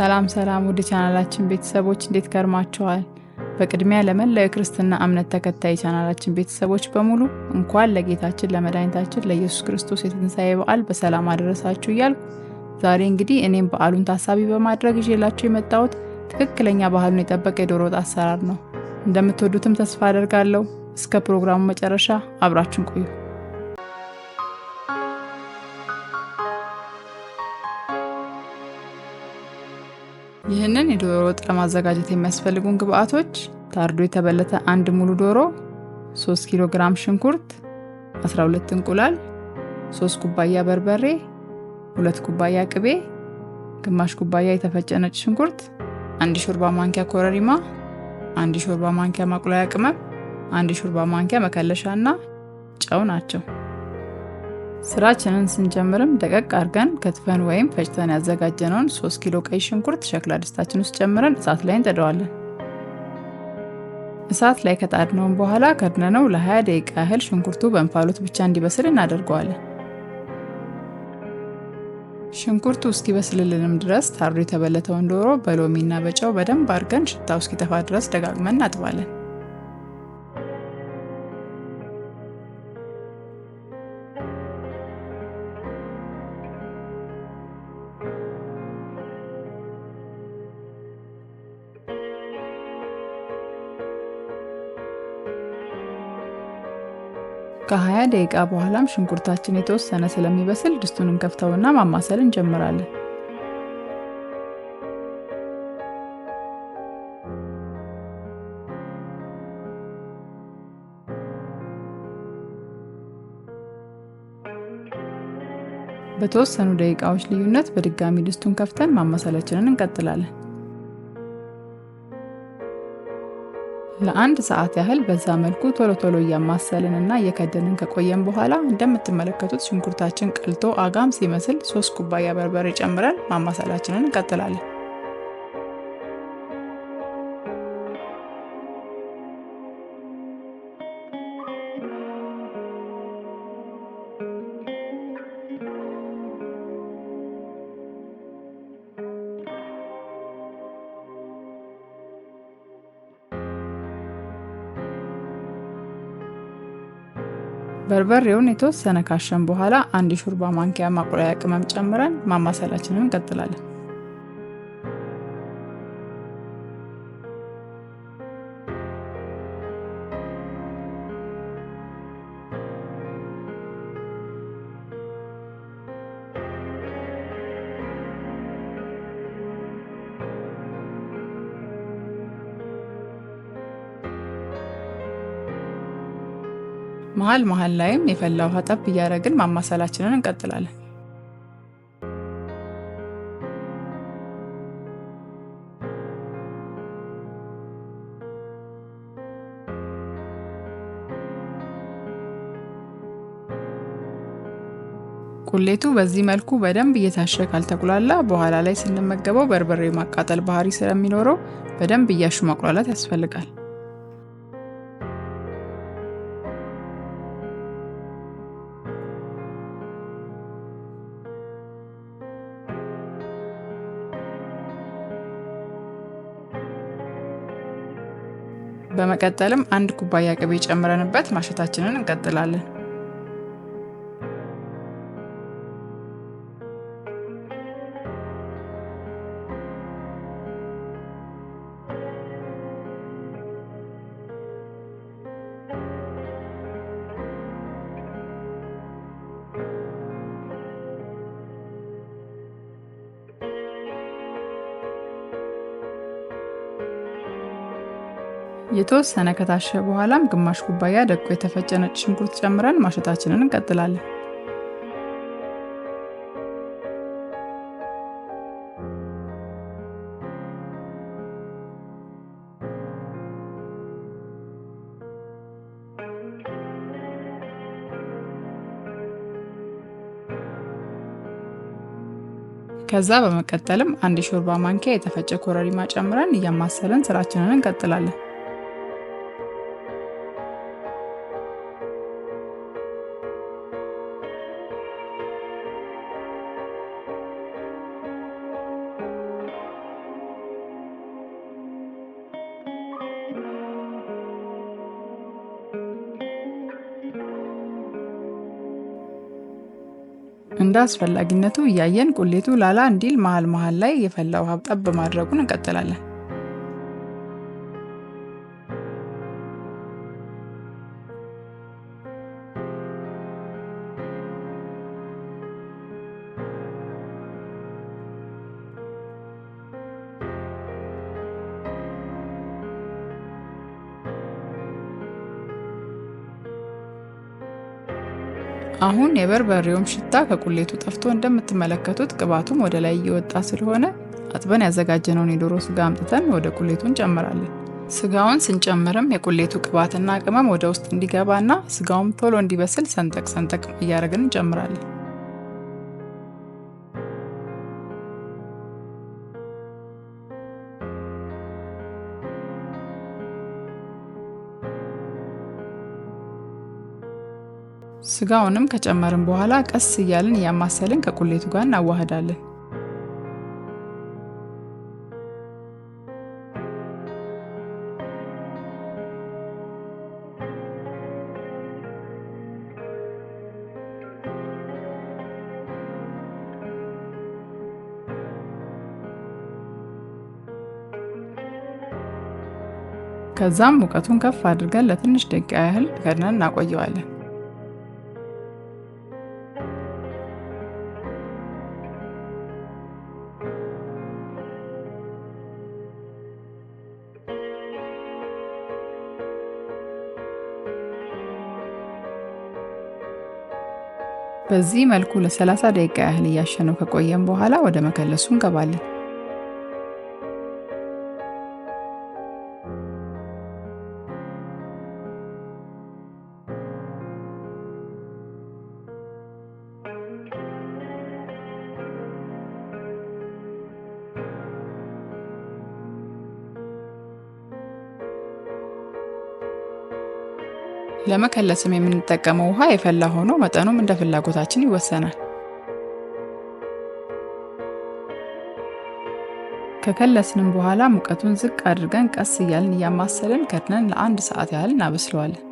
ሰላም ሰላም ውድ ቻናላችን ቤተሰቦች እንዴት ከርማችኋል? በቅድሚያ ለመላው የክርስትና እምነት ተከታይ ቻናላችን ቤተሰቦች በሙሉ እንኳን ለጌታችን ለመድኃኒታችን ለኢየሱስ ክርስቶስ የትንሣኤ በዓል በሰላም አደረሳችሁ እያልኩ ዛሬ እንግዲህ እኔም በዓሉን ታሳቢ በማድረግ ይዤላችሁ የመጣሁት ትክክለኛ ባህሉን የጠበቀ የዶሮ ወጥ አሰራር ነው። እንደምትወዱትም ተስፋ አደርጋለሁ። እስከ ፕሮግራሙ መጨረሻ አብራችን ቆዩ። ይህንን የዶሮ ወጥ ለማዘጋጀት የሚያስፈልጉን ግብአቶች ታርዶ የተበለተ አንድ ሙሉ ዶሮ፣ 3 ኪሎ ግራም ሽንኩርት፣ 12 እንቁላል፣ 3 ኩባያ በርበሬ፣ 2 ኩባያ ቅቤ፣ ግማሽ ኩባያ የተፈጨ ነጭ ሽንኩርት፣ አንድ ሾርባ ማንኪያ ኮረሪማ፣ አንድ ሾርባ ማንኪያ ማቁላያ ቅመም፣ አንድ ሾርባ ማንኪያ መከለሻ እና ጨው ናቸው። ስራችንን ስንጀምርም ደቀቅ አድርገን ከትፈን ወይም ፈጭተን ያዘጋጀነውን 3 ኪሎ ቀይ ሽንኩርት ሸክላ ድስታችን ውስጥ ጨምረን እሳት ላይ እንጥደዋለን። እሳት ላይ ከጣድነውን በኋላ ከድነነው ለ20 ደቂቃ ያህል ሽንኩርቱ በእንፋሎት ብቻ እንዲበስል እናደርገዋለን። ሽንኩርቱ እስኪበስልልንም ድረስ ታርዶ የተበለተውን ዶሮ በሎሚና በጨው በደንብ አድርገን ሽታው እስኪጠፋ ድረስ ደጋግመን እናጥባለን። ከ20 ደቂቃ በኋላም ሽንኩርታችን የተወሰነ ስለሚበስል ድስቱን እንከፍተውና ማማሰል እንጀምራለን። በተወሰኑ ደቂቃዎች ልዩነት በድጋሚ ድስቱን ከፍተን ማማሰላችንን እንቀጥላለን። ለአንድ ሰዓት ያህል በዛ መልኩ ቶሎ ቶሎ እያማሰልንና እየከደንን ከቆየን በኋላ እንደምትመለከቱት ሽንኩርታችን ቀልቶ አጋም ሲመስል ሶስት ኩባያ በርበሬ ጨምረን ማማሰላችንን እንቀጥላለን። በርበሬውን የተወሰነ ካሸን በኋላ አንድ የሾርባ ማንኪያ ማቁላያ ቅመም ጨምረን ማማሰላችንን እንቀጥላለን። መሀል መሀል ላይም የፈላ ውሃ ጠብ እያደረግን ማማሰላችንን እንቀጥላለን። ቁሌቱ በዚህ መልኩ በደንብ እየታሸ ካልተቁላላ በኋላ ላይ ስንመገበው በርበሬ ማቃጠል ባህሪ ስለሚኖረው በደንብ እያሹ ማቁላላት ያስፈልጋል። በመቀጠልም አንድ ኩባያ ቅቤ ጨምረንበት ማሸታችንን እንቀጥላለን። የተወሰነ ከታሸ በኋላም ግማሽ ኩባያ ደቆ የተፈጨ ነጭ ሽንኩርት ጨምረን ማሸታችንን እንቀጥላለን። ከዛ በመቀጠልም አንድ የሾርባ ማንኪያ የተፈጨ ኮረሪማ ጨምረን እያማሰለን ስራችንን እንቀጥላለን። እንደ አስፈላጊነቱ እያየን ቁሌቱ ላላ እንዲል መሀል መሀል ላይ የፈላ ውሃ ጠብ ማድረጉን እንቀጥላለን። አሁን የበርበሬውም ሽታ ከቁሌቱ ጠፍቶ እንደምትመለከቱት ቅባቱም ወደ ላይ እየወጣ ስለሆነ አጥበን ያዘጋጀነውን የዶሮ ስጋ አምጥተን ወደ ቁሌቱ እንጨምራለን። ስጋውን ስንጨምርም የቁሌቱ ቅባትና ቅመም ወደ ውስጥ እንዲገባና ስጋውም ቶሎ እንዲበስል ሰንጠቅ ሰንጠቅ እያደረግን እንጨምራለን። ስጋውንም ከጨመርን በኋላ ቀስ እያልን እያማሰልን ከቁሌቱ ጋር እናዋህዳለን። ከዛም ሙቀቱን ከፍ አድርገን ለትንሽ ደቂቃ ያህል ከድነን እናቆየዋለን። በዚህ መልኩ ለ30 ደቂቃ ያህል እያሸነው ከቆየም በኋላ ወደ መከለሱ እንገባለን። ለመከለስም የምንጠቀመው ውሃ የፈላ ሆኖ መጠኑም እንደ ፍላጎታችን ይወሰናል። ከከለስንም በኋላ ሙቀቱን ዝቅ አድርገን ቀስ እያልን እያማሰልን ከድነን ለአንድ ሰዓት ያህል እናበስለዋለን።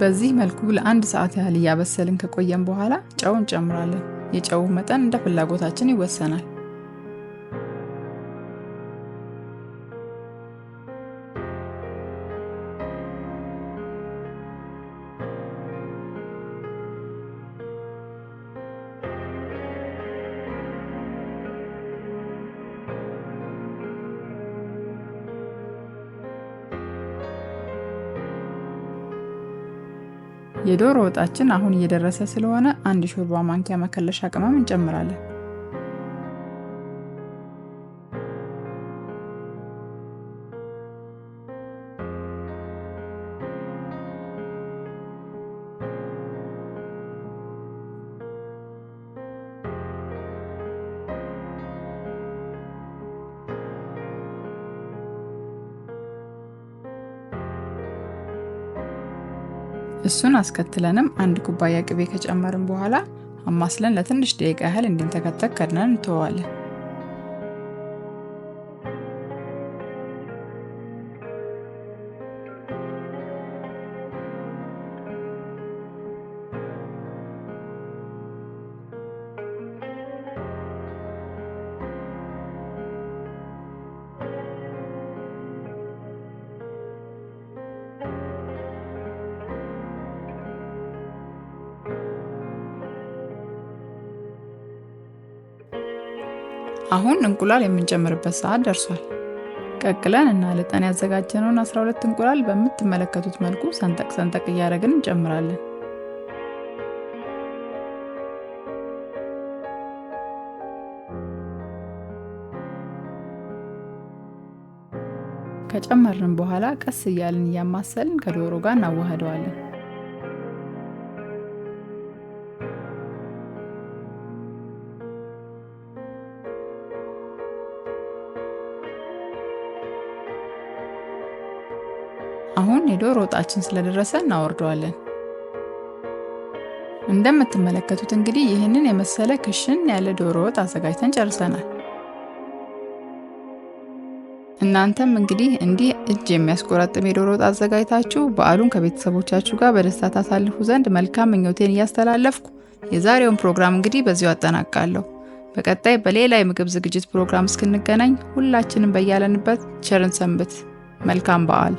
በዚህ መልኩ ለአንድ ሰዓት ያህል እያበሰልን ከቆየን በኋላ ጨው እንጨምራለን። የጨው መጠን እንደ ፍላጎታችን ይወሰናል። የዶሮ ወጣችን አሁን እየደረሰ ስለሆነ አንድ ሾርባ ማንኪያ መከለሻ ቅመም እንጨምራለን። እሱን አስከትለንም አንድ ኩባያ ቅቤ ከጨመርን በኋላ አማስለን ለትንሽ ደቂቃ ያህል እንድንተከተክ ከድነን እንተወዋለን። አሁን እንቁላል የምንጨምርበት ሰዓት ደርሷል። ቀቅለን እና ልጠን ያዘጋጀነውን 12 እንቁላል በምትመለከቱት መልኩ ሰንጠቅ ሰንጠቅ እያደረግን እንጨምራለን። ከጨመርን በኋላ ቀስ እያልን እያማሰልን ከዶሮ ጋር እናዋህደዋለን። አሁን የዶሮ ወጣችን ስለደረሰ እናወርደዋለን። እንደምትመለከቱት እንግዲህ ይህንን የመሰለ ክሽን ያለ ዶሮ ወጥ አዘጋጅተን ጨርሰናል። እናንተም እንግዲህ እንዲህ እጅ የሚያስቆረጥም የዶሮ ወጥ አዘጋጅታችሁ በዓሉን ከቤተሰቦቻችሁ ጋር በደስታ ታሳልፉ ዘንድ መልካም ምኞቴን እያስተላለፍኩ የዛሬውን ፕሮግራም እንግዲህ በዚሁ አጠናቃለሁ። በቀጣይ በሌላ የምግብ ዝግጅት ፕሮግራም እስክንገናኝ ሁላችንም በያለንበት ቸርን ሰንብት። መልካም በዓል